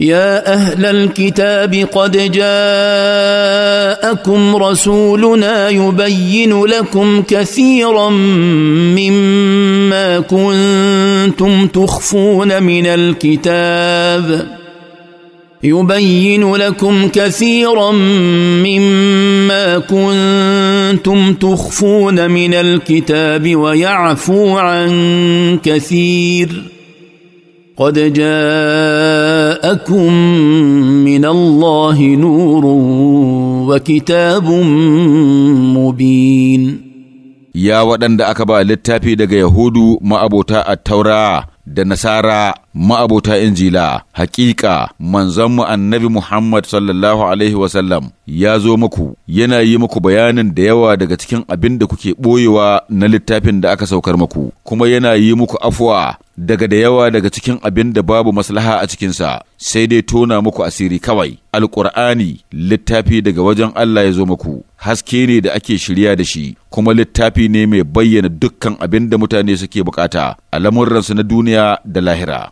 يا اهل الكتاب قد جاءكم رسولنا يبين لكم كثيرا مما كنتم تخفون من الكتاب يبين لكم كثيرا مما كنتم تخفون من الكتاب ويعفو عن كثير قد جاءكم جاءكم من الله نور وكتاب مبين يا waɗanda aka ba littafi daga Yahudu ma'abota a taura da Nasara ma'abota Injila, hakika manzonmu annabi Muhammad sallallahu Alaihi wasallam ya zo muku, yana yi muku bayanin da yawa daga cikin abin da kuke ɓoyewa na littafin da aka saukar muku, kuma yana yi muku afuwa daga da yawa daga cikin abin da babu maslaha a cikinsa sai dai tona muku asiri kawai alƙur'ani littafi daga wajen Allah ya zo muku haske ne da ake shirya da shi kuma littafi ne mai bayyana dukkan abin da mutane suke bukata a lamurransu na duniya da lahira